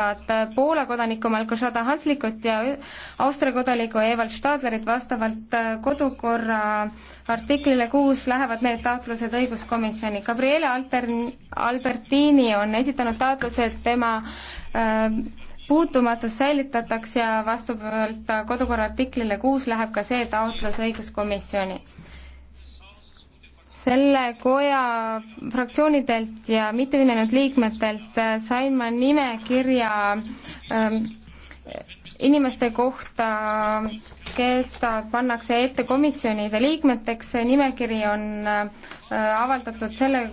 saavad Poola kodanikku Malko Šada Haslikut ja Austria kodanikku Evald Stadlerit vastavalt kodukorra artiklile kuus lähevad need taotlused õiguskomisjoni. Gabriele Alter-, Albertini on esitanud taotluse, et tema äh, puutumatus säilitataks ja vastavalt kodukorra artiklile kuus läheb ka see taotlus õiguskomisjoni selle koja fraktsioonidelt ja mitteühinenud liikmetelt äh, sain ma nimekirja ähm, inimeste kohta, keda pannakse ette komisjonide liikmeteks, see nimekiri on äh, avaldatud selle